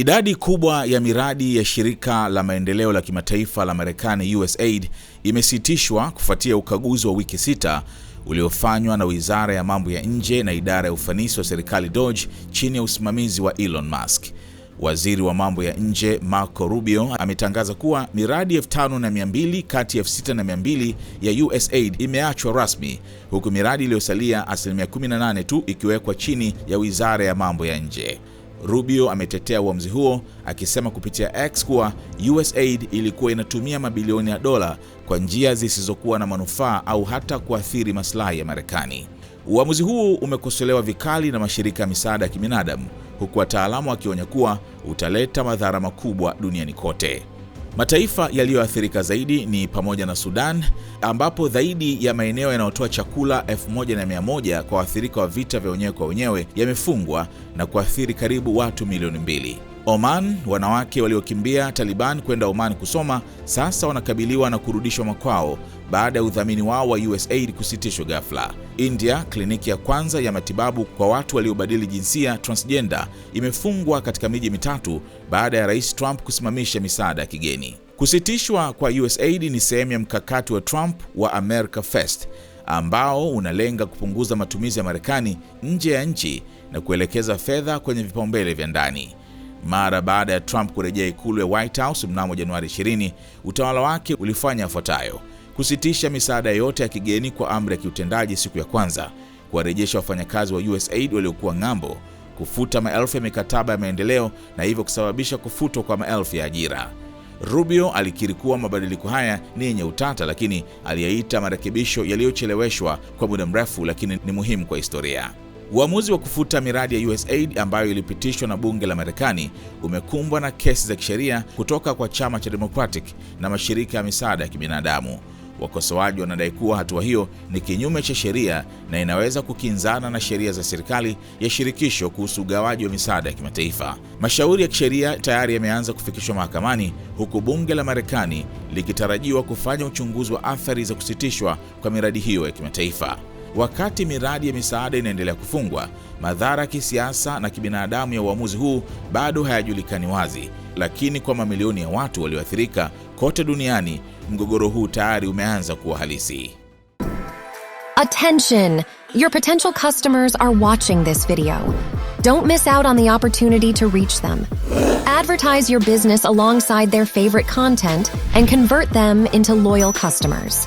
Idadi kubwa ya miradi ya shirika la maendeleo la kimataifa la Marekani USAID imesitishwa kufuatia ukaguzi wa wiki sita uliofanywa na Wizara ya Mambo ya Nje na Idara ya Ufanisi wa Serikali DOGE chini ya usimamizi wa Elon Musk. Waziri wa mambo ya nje Marco Rubio ametangaza kuwa miradi 52 kati ya 62 ya USAID imeachwa rasmi huku miradi iliyosalia asilimia 18 tu ikiwekwa chini ya Wizara ya Mambo ya Nje. Rubio ametetea uamuzi huo akisema kupitia X kuwa USAID ilikuwa inatumia mabilioni ya dola kwa njia zisizokuwa na manufaa au hata kuathiri maslahi ya Marekani. Uamuzi huu umekosolewa vikali na mashirika ya misaada ya kibinadamu, huku wataalamu wakionya kuwa utaleta madhara makubwa duniani kote. Mataifa yaliyoathirika zaidi ni pamoja na Sudan ambapo zaidi ya maeneo yanayotoa chakula 1100 kwa waathirika wa vita vya wenyewe kwa wenyewe yamefungwa na kuathiri karibu watu milioni mbili. Oman, wanawake waliokimbia Taliban kwenda Oman kusoma sasa wanakabiliwa na kurudishwa makwao baada ya udhamini wao wa USAID kusitishwa ghafla. India, kliniki ya kwanza ya matibabu kwa watu waliobadili jinsia transgender, imefungwa katika miji mitatu baada ya Rais Trump kusimamisha misaada ya kigeni. Kusitishwa kwa USAID ni sehemu ya mkakati wa Trump wa America First ambao unalenga kupunguza matumizi ya Marekani nje ya nchi na kuelekeza fedha kwenye vipaumbele vya ndani. Mara baada ya Trump kurejea ikulu ya White House mnamo Januari 20, utawala wake ulifanya yafuatayo: kusitisha misaada yote ya kigeni kwa amri ya kiutendaji siku ya kwanza, kuwarejesha wafanyakazi wa USAID waliokuwa ng'ambo, kufuta maelfu ya mikataba ya maendeleo na hivyo kusababisha kufutwa kwa maelfu ya ajira. Rubio alikiri kuwa mabadiliko haya ni yenye utata, lakini aliyaita marekebisho yaliyocheleweshwa kwa muda mrefu, lakini ni muhimu kwa historia. Uamuzi wa kufuta miradi ya USAID ambayo ilipitishwa na bunge la Marekani umekumbwa na kesi za kisheria kutoka kwa chama cha Democratic na mashirika ya misaada ya kibinadamu. Wakosoaji wanadai kuwa hatua hiyo ni kinyume cha sheria na inaweza kukinzana na sheria za serikali ya shirikisho kuhusu ugawaji wa misaada ya kimataifa. Mashauri ya kisheria tayari yameanza kufikishwa mahakamani huku bunge la Marekani likitarajiwa kufanya uchunguzi wa athari za kusitishwa kwa miradi hiyo ya kimataifa. Wakati miradi ya misaada inaendelea kufungwa, madhara ya kisiasa na kibinadamu ya uamuzi huu bado hayajulikani wazi, lakini kwa mamilioni ya watu walioathirika kote duniani, mgogoro huu tayari umeanza kuwa halisi. Attention, your potential customers are watching this video. Don't miss out on the opportunity to reach them. Advertise your business alongside their favorite content and convert them into loyal customers.